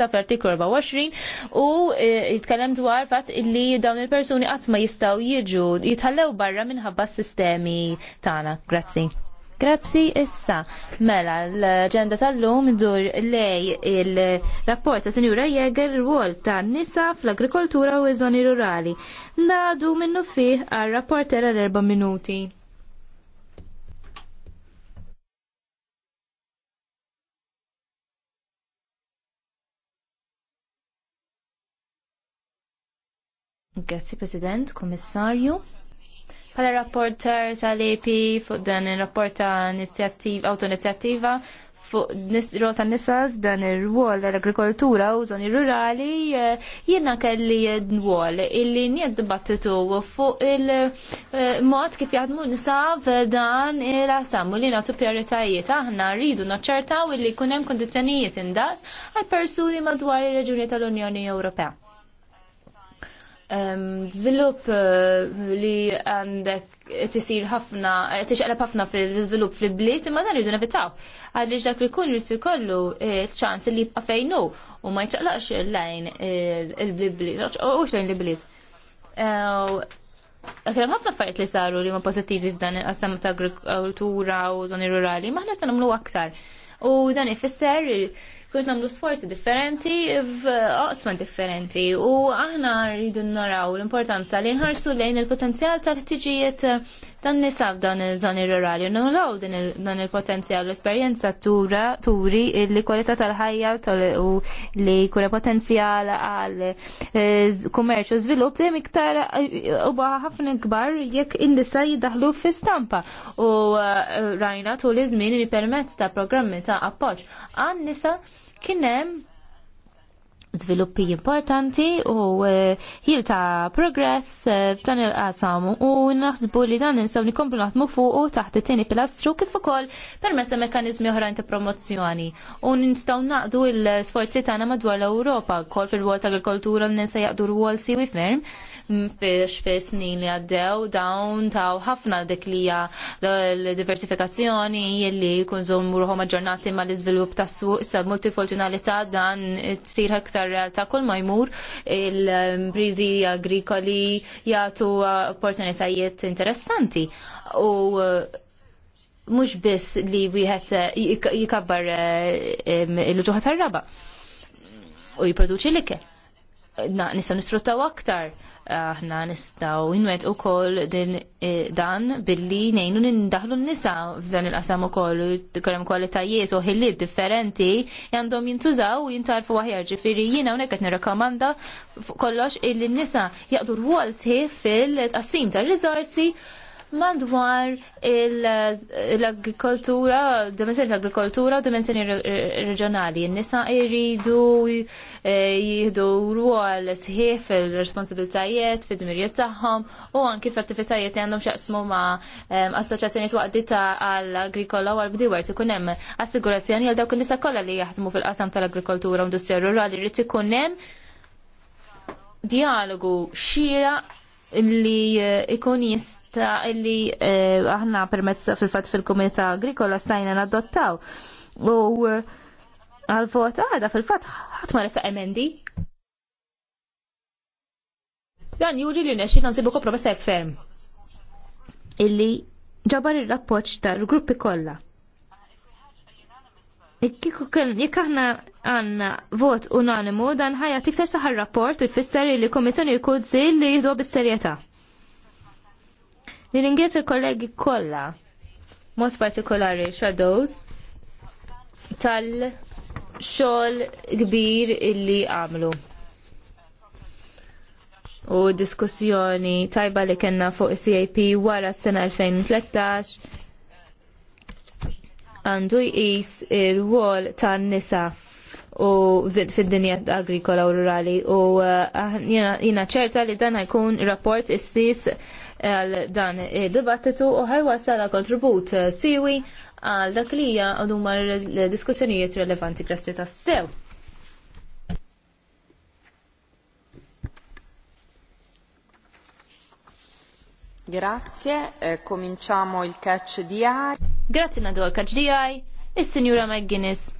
ta' fl-artiklu 24 u e, jitkellem dwar fatt illi dawn il-persuni qatt ma jistgħu jiġu jitħallew barra minħabba s-sistemi tagħna. Grazzi. Grazzi issa. Mela, l-ġenda tal-lum dur lej il-rapport ta' Sinjura Jäger rwol ta' nisa fl-agrikoltura u iż-żoni rurali. Nadu minnu fih għal-rapport tera l-erba' minuti. Grazie President, Komissarju. Pala rapporter tal-EP fuq dan il-rapport ta' auto-inizjattiva fuq rota nisa dan ir-rwol l-agrikoltura u zoni rurali eh, jiena kelli n-wol illi njed battitu fuq il-mod kif jaħdmu nisa f'dan il-asam u li nagħtu prioritajiet aħna rridu naċċertaw illi jkun hemm indas għal persuni madwar ir-reġuni tal-Unjoni Ewropea. Zvilup eh, li għandek tisir ħafna, eh, tixqalab ħafna fil-zvilup fil blit imma dan rridu nevitaw. Għalix dak li kun jirti kollu eh, ċans li jibqa u ma jċaqlaqx l-lajn il blit u xlajn il-blit. Kienem ħafna fajt li saru li ma pozittivi f'dan għasam ta' agrikultura u zoni rurali, ma ħna s-sanamlu aktar. U dan ifisser biex nagħmlu sforzi differenti f'oqsma differenti u aħna rridu naraw l-importanza li nħarsu lejn il-potenzjal tal-ħtiġijiet tan nisa f'dan il żoni rurali. Nużaw dan il-potenzjal l-esperjenza turi li kwalità tal-ħajja u li kura potenzjal għal eh, kummerċ u li miktar u ħafna kbar jekk in-nisa jiddaħlu stampa u eh, rajna tul iż-żmien li permezz ta' programmi ta' appoġġ għan nisa kienem zviluppi importanti u e, ħil ta' progress e, f'dan il-qasam u naħsbu li dan nistgħu nikomplu naħdmu fuq u taħt it-tieni pilastru kif ukoll permezz mekkaniżmi oħrajn ta' promozzjoni u nistgħu naqdu l-sforzi tagħna madwar l-Ewropa wkoll fil world ta' agrikoltura n-nisa jaqdu rwol siwi ferm fiex fi snin li għaddew dawn taw ħafna dik li hija l-diversifikazzjoni kunżum jkun żomm aġġornati mal iżvilupp tas-suq sa' multifunzjonalità dan tsir aktar realtà kull ma jmur il brizi agrikoli jagħtu opportunitajiet interessanti u mhux biss li wieħed jikabbar eh, l ġuħat tar-raba u jipproduċi l-ikel nistgħu nisfruttaw aktar aħna nistaw inwet u koll din e, dan billi nejnu nindaħlu n-nisa f'dan il-qasam u koll kolem kualitajiet u ħiliet differenti jandom jintużaw u jintarfu għahjar ġifiri jina u nekket nirrekomanda kollox il-nisa jaqdur għal sħif fil-tqassim tal-rizorsi madwar l-agrikoltura, dimensjoni l-agrikoltura u dimensjoni reġjonali. N-nisa jridu eh, jihdu rwol sħiħ fil-responsabiltajiet, fil-dmirijiet tagħhom u anki f'attivitajiet li għandhom xaqsmu ma' eh, assoċjazzjonijiet waqdita għall-agrikola u għal bdiwer ikun hemm assigurazzjoni għal dawk in-nisa kollha li jaħdmu fil-qasam tal-agrikoltura u industrija rurali jrid ikun hemm dialogu xira Illi eh, ikun jista li eh, aħna permezz fil-fat fil-Komunità Agrikola stajna nadottaw. U eh, għal-vot għada fil-fat ħatma resa emendi. Dan juri li nesċi nansibu kopra besa ferm illi ġabar il-rapporċ tal-gruppi kolla. Kiku kien, jekk aħna għanna vot unanimu, dan ħajja tiktar saħar rapport u jfisser li komissjoni jkun sil li jihdu bis-serjetà. Niringiet il-kollegi kollha, mod partikolari Shadows, tal-xogħol kbir illi għamlu. U diskussjoni tajba li kena fuq CAP wara s-sena 2013 għandu jqis ir-wol tan-nisa u fid-dinja agrikola u rurali u eh, ah, jina ċerta li dan ħajkun rapport istis eh, għal dan id-dibattitu u ħajwasal għal kontribut eh, siwi għal dak li hija għadhom diskussjonijiet relevanti grazzi tas-sew. Grazie, cominciamo il catch di aria. Grazzi nadu għal-kaġdijaj, il-Sinjura McGuinness.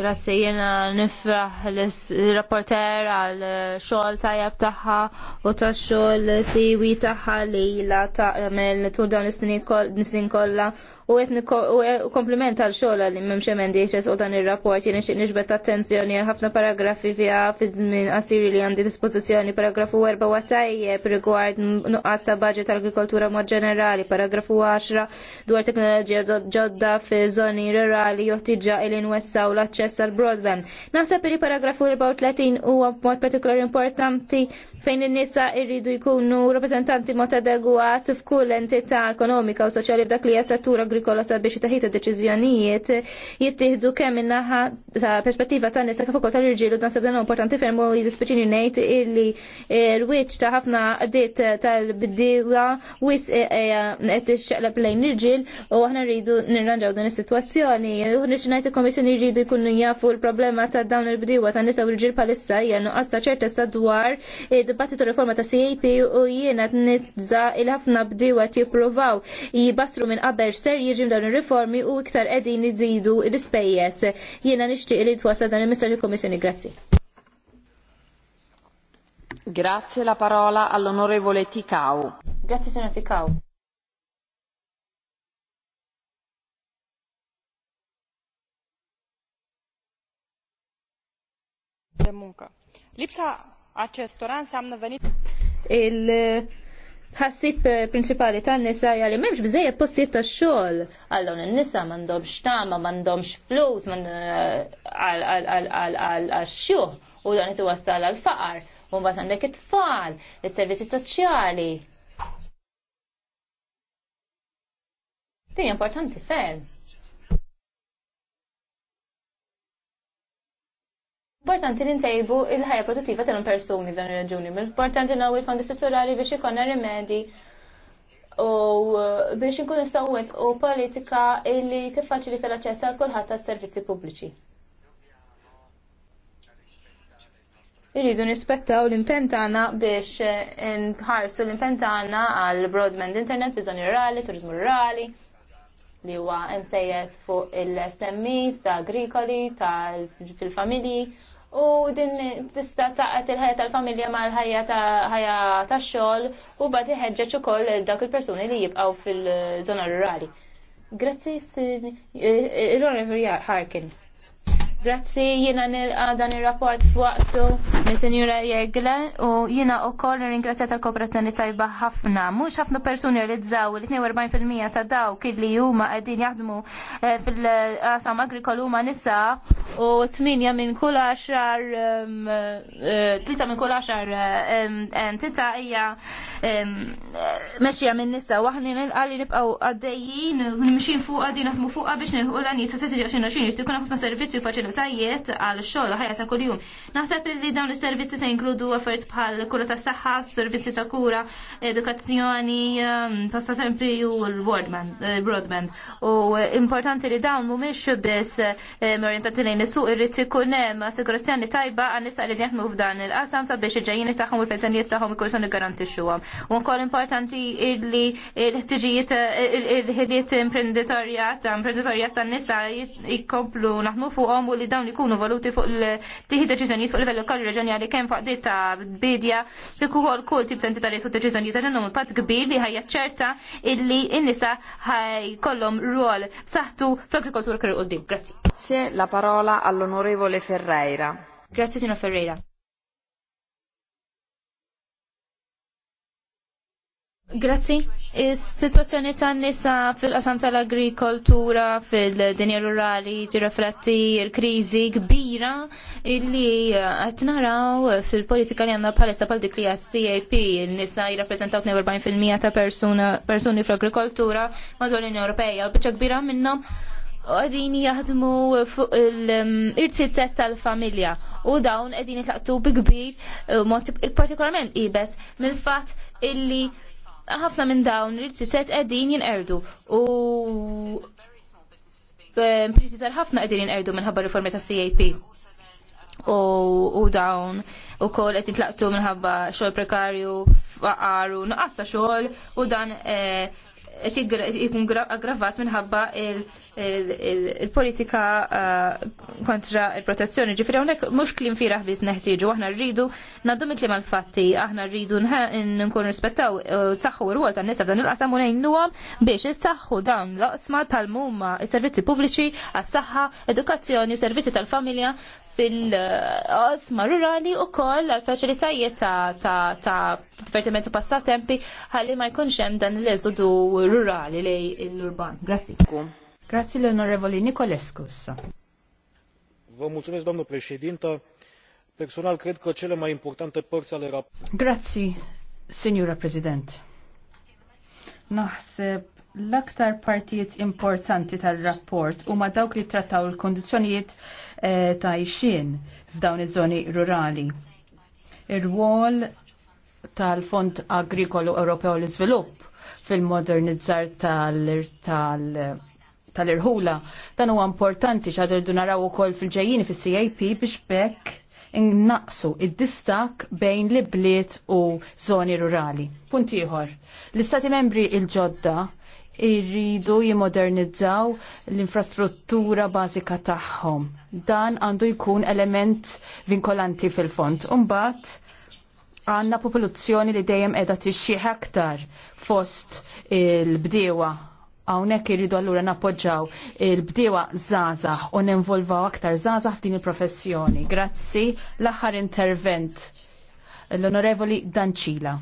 Grazzi jena nifraħ l-rapporter għal xogħol tajab tagħha u tax xogħol siwi tagħha li la taqmel tul dawn nisnin kolla kollha u għetni kompliment għal xogħol li m'hemmx ċes u dan ir-rapport jenix xi nixbet attenzjoni għal ħafna paragrafi fiha fi żmien li għandi dispożizzjoni paragrafu 4 għattajje tajjeb rigward nuqqas ta' baġit tal-agrikoltura mod ġenerali, paragrafu 10 dwar teknoloġija ġodda fi żoni rurali joħtiġa il u l-aċċess għal broadband. Naħseb li paragrafu 34 huwa mod partikolari importanti fejn in-nisa irridu jkunu rappreżentanti mod adeguat f'kull entità ekonomika u soċjali f'dak li hija agrikoltura kollha sabiex taħita deċiżjonijiet jittieħdu kemm in-naħa ta' perspettiva ta' nisa kif ukoll tal-irġiel u dan sabdan importanti ferm u jispeċini ngħid illi l-wiċċ ta' ħafna qdiet tal-bdiewa wis eh, eh, qed tixxaqleb lejn irġiel u aħna rridu nirranġaw din is-sitwazzjoni. Nix ngħid il-Kommissjoni rridu jkunu jafu l-problema ta' dawn il-bdiewa ta' nisa u l-irġiel bħalissa hija nuqqas ċerta sa dwar dibattitu riforma ta' CAP u jiena nitbża il-ħafna bdiewa jippruvaw jibastru minn qabel ser jiġi dawn il-reformi u iktar edin nizidu l-ispejjeż. Jena nishtiq li twasal dan il-messaġġ il-Kommissjoni. Grazzi. Grazie la parola all'onorevole Ticau. Grazie signor Ticau. De muncă. Lipsa acestora înseamnă venit... Il ħassib eh, prinċipali tan nisa li memx bżejjed postijiet ta' xogħol. Allon n nisa m'għandhomx xtama, m'għandhomx flus eh, għal-xjuħ u dan qed wassal għal-faqar. U mbagħad għandek it-tfal, is-servizzi soċjali. Tini importanti ferm. Importanti li ntejbu il-ħajja produttiva tal-persuni dan ir-raġuni. Importanti naw il-fondi strutturali biex ikonna rimedi u uh, biex nkun nistawet u politika illi tiffaċilita l-aċċess għal kulħadd tas-servizzi pubbliċi. Irridu nispettaw l-impenn tagħna biex eh, nħarsu l-impenn tagħna għal broadband internet fi żoni rurali, turizmu rurali, li huwa MCS fuq il-SMEs, ta' agrikoli, ta' fil-familji, u din tista' taqgħet il-ħajja tal-familja mal-ħajja ta' ħajja tax-xogħol u bad iħeġġeġ ukoll dawk il-persuni li jibqgħu fil-żona rurali. Grazzi, il-Honorable eh, eh, Harkin. Grazzi, jina nilqa dan il-rapport f'waqtu minn Senjura Jegle u jina u koll ringrazzja tal-kooperazzjoni tajba ħafna. Mux ħafna personi persuni realizzaw l-42% ta' daw kelli huma qegħdin jaħdmu eh, fil-qasam agrikol huma nisa u 8 minn kull 10 3 eh, minn kull 10 entita hija mexxija minn nisa u aħna nilqa li nibqgħu għaddejjin nimxin fuqha din naħdmu fuqha biex nilħu l-għanijiet sa' 26 jixtikuna ħafna servizzi u attivitajiet għal xogħol ħajja ta' kuljum. Naħseb li dawn is-servizzi se jinkludu affarijiet bħal kura ta' saħħa, servizzi ta' kura, edukazzjoni, um, passatempi u l-broadband. Eh, u importanti li dawn mhumiex biss eh, orientati lejn is-suq irrid ikun hemm assigurazzjoni tajba għan nisa li jaħmu f'dan il-qasam sabiex il-ġejjini tagħhom u l-pensjonijiet tagħhom ikunu nigarantixxuhom. U wkoll importanti li l-ħtiġijiet il-ħiliet imprenditorjat, imprenditorjat tan-nisa jikomplu naħmu fuqhom u li dawn ikunu valuti fuq il-tiħi deċiżjonijiet fuq livell lokali reġjonali kemm faqdiet ta' bidja kif ukoll kull tip ta' entitajiet fuq deċiżjonijiet għandhom impatt kbir li ħajja ċerta illi n-nisa ħajkollhom rwol b'saħħtu fl-agrikoltura kieru qudiem. Grazzi. Se la parola all'onorevole Ferreira. Grazie signor Ferreira. Grazzi. is sitwazzjoni tan-nisa fil-qasam tal-agrikoltura fil-dinja rurali tirrifletti l-kriżi kbira illi eh, qed naraw fil-politika li għandna bħalissa bħal dik li CAP in-nisa jirrappreżentaw 42% ta' persuna persuni fl-agrikoltura madwar l-Unjoni Ewropea u biċċa kbira minnhom qegħdin jaħdmu fuq il-irtizzet tal-familja u dawn qegħdin jitlaqtu bi kbir eh, mod partikolarment ibes mill-fat illi ħafna minn dawn il-ċitet qegħdin jinqerdu u eh, imprizi ħafna qegħdin jinqerdu minħabba riformi ta' CAP. U, dawn u kol qed jitlaqtu minħabba xogħol prekarju faqaru, nuqqas ta' xogħol u dan eh, jkun aggravat minħabba il-politika uh, kontra il-protezzjoni. Ġifiri, għonek mux klim fi ħbis neħtiġu, aħna rridu naddu miklim għal-fatti, aħna rridu nkun rispettaw uh, saħħu r-għol tan nisa f'dan il-qasam u nejnu biex saħħu dan l-qasma tal-mumma il-servizzi pubbliċi, għas-saħħa, edukazzjoni servizzi tal-familja fil-osma rurali u koll għal-faċilitajiet ta' divertimentu passatempi għalli ma jkunx hemm dan l-eżodu rurali lej l-urban. Grazzi. Grazzi l-Onorevoli Nicolescu. Vă mulțumesc, doamnă președintă. Personal, cred că cele mai importante părți ale raportului. Grazzi, signora President. Naħseb l-aktar partijiet importanti tal-rapport huma dawk li trattaw il-kondizjonijiet eh, ta' ixin f'dawn iż-żoni rurali. Ir-rwol tal-Fond Agrikolu Ewropew l-Iżvilupp fil-modernizzar tal-irħula. Dan huwa importanti x'għadir rridu naraw ukoll fil-ġejjini fis-CAP biex bekk innaqsu id-distak bejn li bliet u zoni rurali. Punt ieħor, l-Istati membri il-ġodda irridu jimodernizzaw l-infrastruttura bażika tagħhom. Dan għandu jkun element vinkolanti fil-fond. Umbat, għanna popoluzzjoni li dejjem edha tixxi aktar fost il-bdiewa Hawnhekk irridu allura nappoġġaw il-bdiewa żgħażagħ u ninvolvaw aktar żgħażagħ f'din il-professjoni. Grazzi l-aħħar intervent l-Onorevoli Dancila.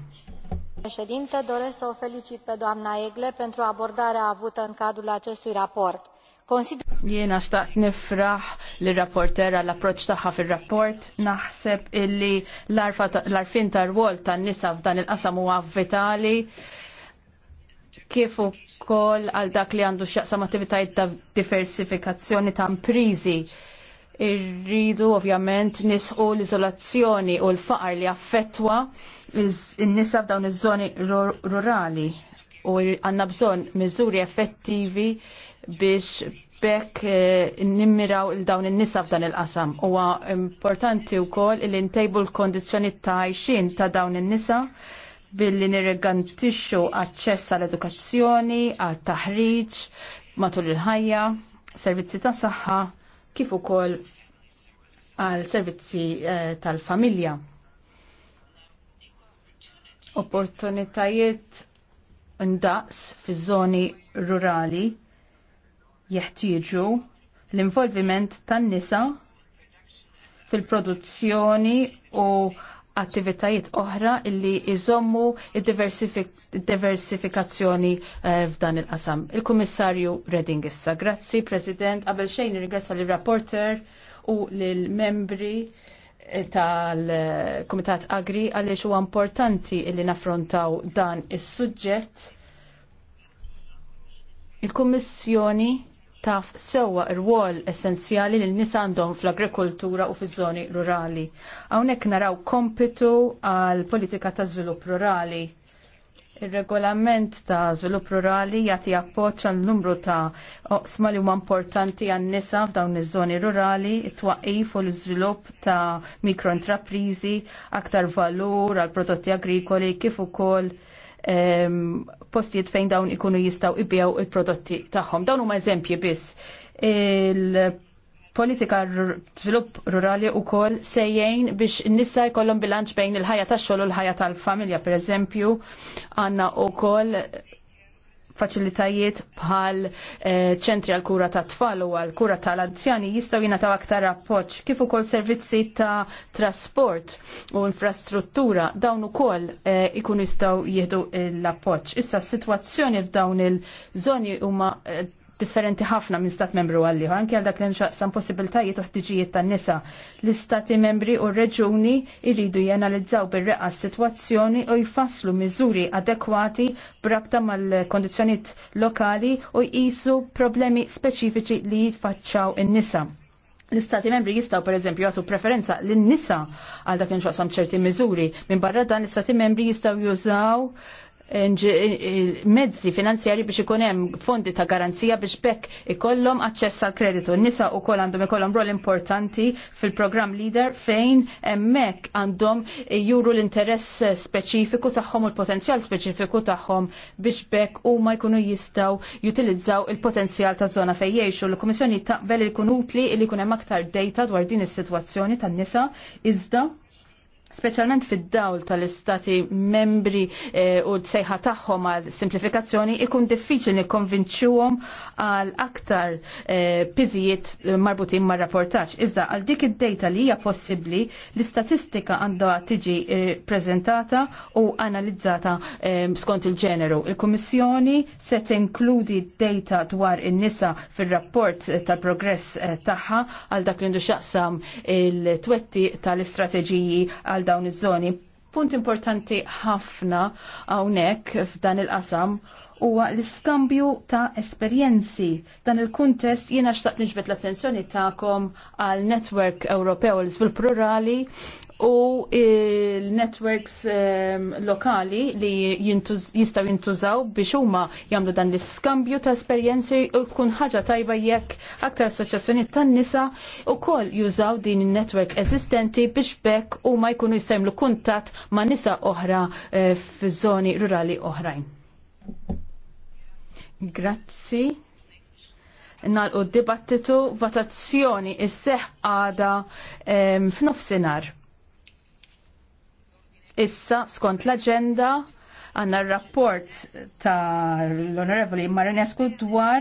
Președinte, doresc să o felicit pe doamna Egle pentru abordarea avută în cadrul acestui raport. Consider... Jiena xtaqt nifraħ li rapporter għall approċ tagħha fir-rapport naħseb illi l-arfin tar-rwol tan-nisa f'dan il-qasam huwa vitali kif ukoll għal dak li għandu x'jaqsam attivitajiet ta' diversifikazzjoni ta' imprizi. Irridu ovvjament nisqu l-iżolazzjoni u l-faqar li affettwa in-nisa f'dawn iż-żoni rurali u għandna bżonn miżuri effettivi biex bekk eh, nimmiraw il-dawn il-nisa f'dan il-qasam. Huwa importanti wkoll li ntejbu l-kondizzjoni ta' għajxin ta' dawn il-nisa billi nirregantixxu aċċess għall edukazzjoni għal taħriġ matul il-ħajja, servizzi ta' saħħa, kif ukoll għal servizzi eh, tal-familja opportunitajiet ndaqs fiż-żoni rurali jeħtieġu l-involviment tan-nisa fil-produzzjoni u attivitajiet oħra illi iżommu id-diversifikazzjoni eh, f'dan il-qasam. Il-Kummissarju Reding issa. Grazzi, President. Qabel xejn ringrazza l-rapporter u l-membri tal-Kumitat Agri għaliex huwa importanti li naffrontaw dan is-suġġett. Il-Kummissjoni taf sewwa r-wol essenzjali li n għandhom fl-agrikoltura u fiż-żoni rurali. Hawnhekk naraw kompitu għal politika ta' żvilupp rurali Il-regolament ta' żvilupp rurali jagħti appoġġ għal numru ta' oqsma li huma importanti għan nisa f'dawn iż-żoni rurali, it u l-iżvilupp ta' mikrointraprizi, aktar valur għal prodotti agrikoli kif ukoll postijiet fejn dawn ikunu jistgħu ibjew il-prodotti tagħhom. Dawn huma eżempji biss politika svilupp rurali u kol sejjejn biex nissa jkollhom bilanċ bejn il-ħajja tax-xogħol u l-ħajja tal-familja pereżempju għandna wkoll faċilitajiet bħal eh, ċentri għal kura ta' tfal u għal kura tal-anzjani jistaw jina ta' aktar appoċ kif ukoll servizzi ta' trasport u infrastruttura dawn ukoll eh, ikun jistaw jihdu l-appoċ. Issa s-situazzjoni f'dawn il-żoni huma eh, differenti ħafna minn stat membru għalli, anke għal dak li nxaqsam possibiltajiet u ħtiġijiet tan nisa L-istati membri u reġuni irridu jenalizzaw bir-reqqa situazzjoni u jfasslu miżuri adekwati brabta mal-kondizjoniet lokali u jqisu problemi speċifiċi li jitfaċċaw in-nisa. L-istati membri jistaw per eżempju għatu preferenza l-nisa għal dak nxaqsam ċerti miżuri. Minn barra dan l-istati membri jistaw jużaw mezzi finanzjari biex ikun hemm fondi ta' garanzija biex bekk ikollhom aċċess għal kreditu. Nisa wkoll għandhom ikollhom rol importanti fil-programm leader fejn hemmhekk għandhom juru l-interess speċifiku tagħhom u l-potenzjal speċifiku tagħhom biex bekk huma jkunu jistgħu jutilizzaw il-potenzjal ta' żona fejn jgħixu. L-Kummissjoni taqbel il-kun utli li jkun hemm aktar data dwar din is-sitwazzjoni tan-nisa iżda specialment fid-dawl tal-istati membri u eh, u sejħa tagħhom għal simplifikazzjoni ikun diffiċli nikkonvinċuhom għal aktar pizijiet eh, piżijiet marbutin mar rapportaġġ Iżda għal dik id-data li hija possibbli l-istatistika għandha tiġi eh, prezentata u analizzata skont il-ġeneru. Il-Kummissjoni se tinkludi data dwar in-nisa fir-rapport tal-progress tagħha għal dak li ndu xaqsam il-twetti tal-istrateġiji għal għal dawn iż-żoni. Punt importanti ħafna hawnhekk f'dan il-qasam huwa l-iskambju ta' esperjenzi. Dan il-kuntest jiena xtaqt niġbed l-attenzjoni tagħkom għal Network Ewropew l-Iżvilupp Rurali u il-networks um, lokali li jintuz, jistaw jintużaw biex huma jagħmlu dan l-iskambju ta' esperjenzi u tkun ħaġa tajba jekk aktar assoċjazzjoni tan-nisa ukoll jużaw din in-network eżistenti biex bekk huma jkunu jsejmlu kuntatt ma' nisa oħra eh, f'żoni rurali oħrajn. Grazzi. Nalqu d-dibattitu votazzjoni is-seħ għada ehm, f'nofsinhar. Issa, skont l-agenda, għanna r-rapport ta' l-Onorevoli Marinescu dwar